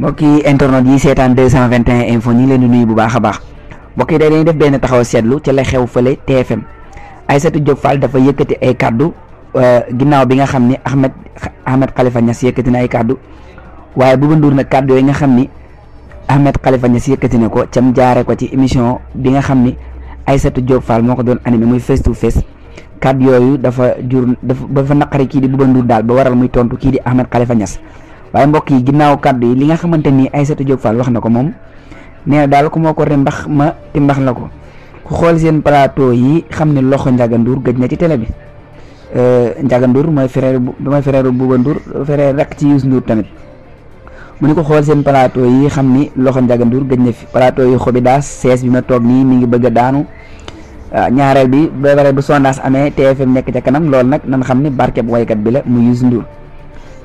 mbokki internet yi seetaan 221 info ñu ngi leen di nuyu bu baax a baax mbokki day dañuy def benn taxaw seetlu ci la xew fële TFM Aïssatou Diop Fall dafa yëkkati ay kàddu euh, ginnaaw bi nga xam ni Ahmed Ahmed Khalifa Niass yëkkati na ay kàddu waaye Bouba Ndour nag kàddu yooyu nga xam ni Ahmed Khalifa Niass yëkkati na ko cam jaare ko ci émission bi nga xam ni Aïssatou Diop Fall moo doon animé muy face to face kàddu yooyu dafa jur dafa naqari kii di Bouba Ndour daal ba waral muy tontu kii di Ahmed Khalifa Niass waaye mbokk yi ginnaaw kàddu yi li nga xamante ni Aïssatou Diop Fall wax na ko moom nee na daal ku ma ko rembax ma timbax la ko ku xool seen plateau yi xam ne loxo Ndiaga Ndour gëj na ci télé bi euh, Ndiaga mooy frère bu mooy frère bu Ndour frère rek ci yus Ndour tamit mu ko xool seen plateau yi xam ni loxo Ndiaga na fi plateau yi xobi daas sees bi ma toog mi ngi bëgg a daanu ah, ñaareel bi ba bare bu sondage amee TFM nekk ca kanam loolu nag nan xam barke waykat bi la mu yus Ndour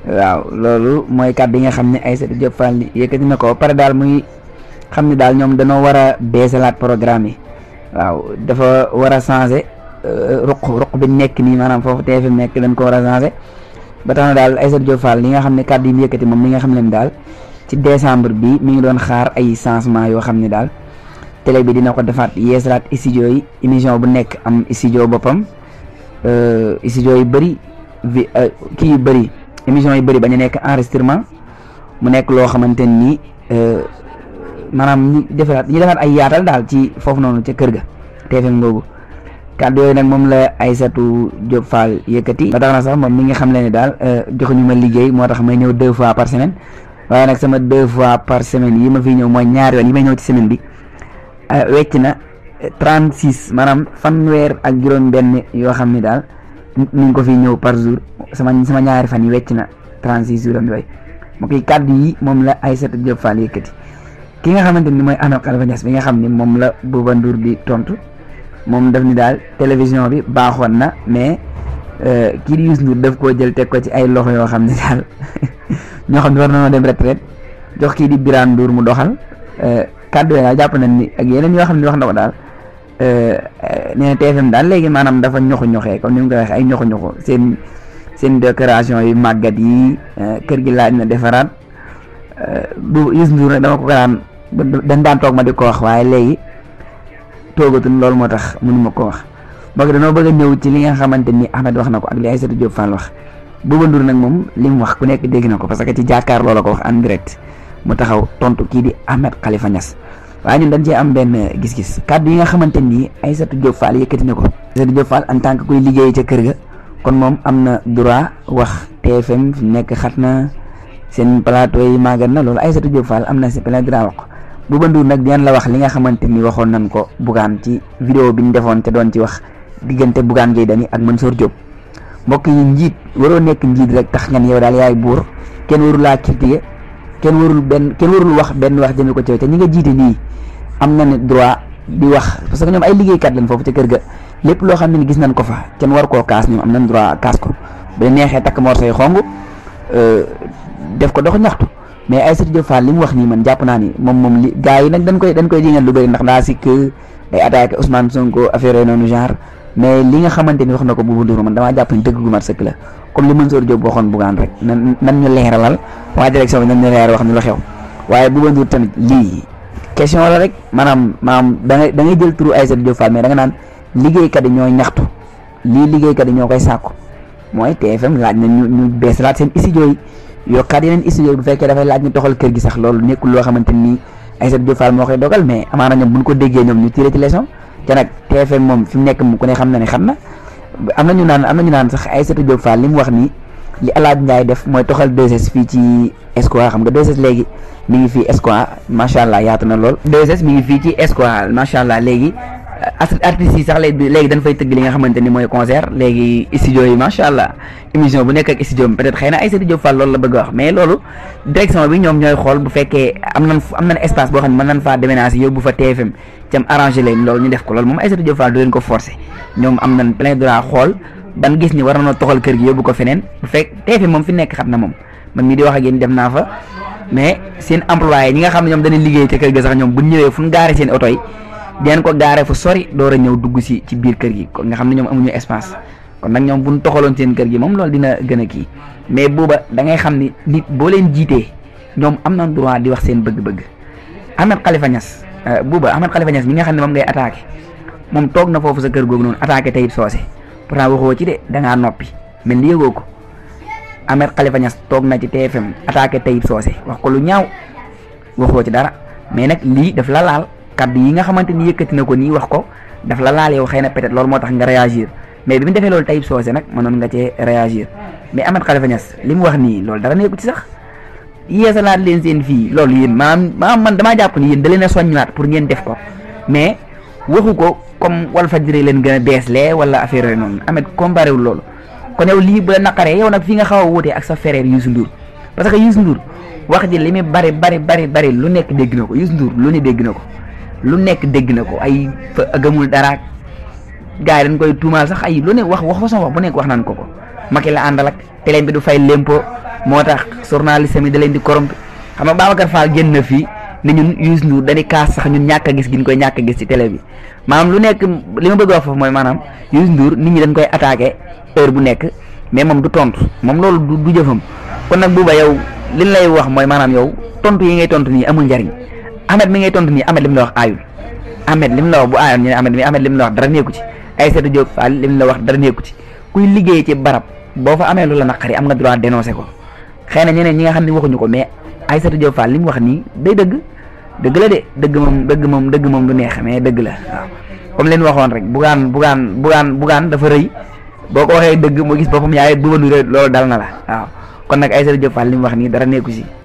waaw loolu mooy kàddu yi nga xam ne Aïssatou Diop Fall yëkkati na ko pare daal muy xam ne daal ñoom dañoo war a beesalaat programme yi waaw dafa war a changé euh, ruq ruq bi nekk nii maanaam foofu TFM nekk dañ ko war a changé ba tax na daal Aïssatou Diop Fall li nga xam ne kàddu yi mu yëkkati moom li nga xam ne daal ci décembre bi mi ngi doon xaar ay changement yoo xam ne daal télé bi dina ko defaat yeesalaat studio yi émission bu nekk am studio boppam euh, studio bëri euh, kii yu bëri. émission yi bëri bañ a nekk enregistrement mu nekk loo xamante ni euh, maanaam ñu defaraat ñu defaat ay yaatal daal ci foofu noonu ca kër ga TFM googu kàddu yooyu nag moom la Aïssatou Diop Fall yëkkati ba tax na sax moom mi ngi xam le ne daal euh, ñu ma liggéey moo tax may ñëw deux fois par semaine waaye nag sama deux fois par semaine yi ma fi ñëw mooy ñaari yoon yi may ñëw ci semaine bi euh, wecc na trente six maanaam fanweer ak juróom benn yoo xam ni daal ko fi ñew par jour sama sama ñaari fan yi wecc na 36 jours am yooyu mo koy kaddu yi mom la Aïssata Diop Fall yëkkati ki nga xamanteni moy Anam bi nga xamni mom la bu Ndour di tontu mom daf ni dal télévision bi baxon na mais e, kii di Youssou Ndour daf ko jël tek ko ci ay loxo yo xamni dal ño xamni war na dem retraite jox ki di Birane mu doxal euh kaddu ya japp nañ ni ak yeneen yo xamni wax na ko dal Eh, eh, nee na TFM daal léegi manam dafa ñoxu ñoxé comme ni nga wax ay ñoxu ñoxu seen seen décoration yu magat yi eh, kër gi laaj na défarat bu Youssou Ndour nag dama ko daan dañ daan tok ma di ko wax waaye léegi toogatun lool motax tax mënuma ko wax boog dañu bëgg a ñëw ci li nga xamanteni Ahmed wax nako ak li ay Aïssatou job Fall wax bu Ndour nak mom lim wax ku nekk dégg nako parce que ci jakar loola ko wax en direct mu taxaw tontu ki di Ahmed Khalifa Niass waaye ñun dañ cee am benn gis-gis kàddu yi nga xamante ni Aïssatou Diop Fall yëkkati na ko Aïssatou Diop Fall en tant que kuy liggéey ca kër ga kon moom am na droit wax TFM fi nekk xat na seen plateau yi màggat na loolu Aïssatou Diop Fall am na si plein droit wax Bouba Ndour nag dinañ la wax li nga xamante ni waxoon nañ ko Bougane ci vidéo bi ñu defoon te doon ci wax diggante Bougane Gueye Dany ak Mansour Diop mbokk yi njiit waroo nekk njiit rek tax ngeen yow daal yaay buur kenn warul laa critiquer kenn warul benn kenn warul wax benn wax jëme ko ci te ñi nga jiite nii am na ne droit di wax parce que ñoom ay liggéeykat lañ foofu ca kër ga lépp loo xam ne ni gis nañ ko fa kenn war koo kaas ñoom na nañ droit kaas ko ba neexee takk morso yi xong euh, def ko dox ñaxtu mais Aïssatou Diop Fall li mu wax nii man jàpp naa ni moom moom li gars yi nag dañ koy dañ koy jiñal lu bëri ndax daa sikk day attaqué Ousmane Sonko affaire yooyu noonu genre nga xamante ni wax na ko Bouba Ndour man damaa jàpp ni dëgg gu mat sëkk la comme li Mansour Diop waxoon bugaan rek nan nan ñu leeralal waa direction bi nan ñu leeral wax ni lu xew waaye Bouba question la rek maanaam maanaam da ngay da jël turu Aïssatou Diop Fall mais da nga naan liggéeykat yi ñooy ñaxtu lii liggéeykat yi ñoo koy sàkku mooy TFM laaj na ñu ñu bees laat seen studio yi toxal kër gi sax loolu nekkul loo xamante ni Aïssatou Diop Fall moo koy mais amaana ñoom buñ ko déggee ñoom moom fi nekk mu ku ne xam na ne xam na am na ñu naan am na ñu naan sax Aïssatou Diop Fall li mu wax nii li El Hadj Ndiaye def mooy toxal 2S fii ci Esquare xam nga 2S léegi mi ngi fii Esquare macha allah ci Esquare macha allah léegi artistes yi sax léegi dañ fay tëgg li nga xamante ni mooy concert léegi studio yi macha allah émission bu nekk ak studio bi peut être xëy na ay studio Fall loolu la bëgg wax mais loolu direction bi ñoom ñooy xool bu fekkee am nan espace boo xam ne mën nan faa déménager yóbbu fa TFM cam arrangé leen loolu ñu def ko loolu moom ay studio Fall du xool ban gis ni war na toxal kër gi yóbbu ko feneen bu fekk TFM moom fi nekk xam na moom man mii di wax ak yéen def naa fa mais seen employé ñi nga xam ne ñoom dañuy liggéey ca kër ga sax ñoom bu ñëwee fu ñu gaare seen oto yi dinañ ko gaare fu sori a ñëw dugg si ci biir kër gi kon nga xam ne ñoom amuñu espace kon nag ñoom bu ñu toxaloon kër gi moom loolu dina gën kii mais booba da ngay xam ni nit boo leen jiitee ñoom am na droit di wax seen bëgg-bëgg Ahmed Khalifa Niass euh, booba Ahmed nga xam ne moom ngay attaqué toog na foofu sa kër goog noonu attaqué tayib soosé pourtant waxoo ci de da noppi mel ni yëgoo ko Ahmed Khalifa Niass toog na ci TFM attaqué Taïb Socé wax ko lu ñaaw waxoo ci dara mais nag lii daf la laal kaddu yi nga xamante ni yëkkati na ko nii wax ko daf la laal yow xëy na peut-être loolu moo tax nga réagir mais bi mu defee loolu Taïb Socé nag mënoon nga cee réagir mais amet Khalifa Niass li mu wax nii loolu dara nekku ci yeesa yeesalaat leen seen fii loolu yéen maanaam maanaam man damaa jàpp ni yéen da leen a pour ngeen def ko comme Walfadjri leen gën a beeslee wala affaire yooyu noonu Ameth comparé wul loolu kon yow lii bu la naqaree yow nag fi nga xaw a wutee ak sa frère Youssou Ndour parce que Youssou Ndour wax ji li muy bari bari bari bari lu nekk dégg na ko Youssou Ndour lu ne dégg na ko lu nekk dégg na ko ay gëmul dara gars yi dañ koy tuumaal sax ay lu ne wax wax façon wax bu nekk wax nañ ko ko Macky la àndal ak télé bi du fay lempo moo tax journaliste mi da leen di corrompre xam na fii ne ñun Youssou Ndour dañuy kaas sax ñun ñàkk a gis gi ñu koy ñàkk a gis ci télé bi maanaam lu nekk li ma bëgg a wax foofu mooy maanaam Youssou Ndour nit ñi dañ koy attaqué heure bu nekk mais moom du tontu moom loolu du jëfam kon nag buuba yow liñ lay wax mooy maanaam yow tontu yi ngay tontu nii amul njariñ Ahmed mi ngay tontu nii Ahmed lim la wax aayul Ahmed lim la wax bu aayoon ñu ne Ahmed mi Ahmed lim la wax dara nekku ci Aïssatou Diop Fall la wax dara nekku ci kuy liggéey boo fa amee lu la am nga droit ko xëy na ñeneen ñi nga xam ne waxuñu ko mais Aïssatou Diop li mu wax nii day dëgg dëgg de dëgg moom dëgg moom dëgg moom du neex mais dëgg la waaw leen waxoon rek bugaan bugaan bugaan bugaan dafa rëy boo ko waxee dëgg mu gis boppam yaay bu ma loolu dal na la ah kon nag ay Diop Fall li mu wax nii dara nekku si.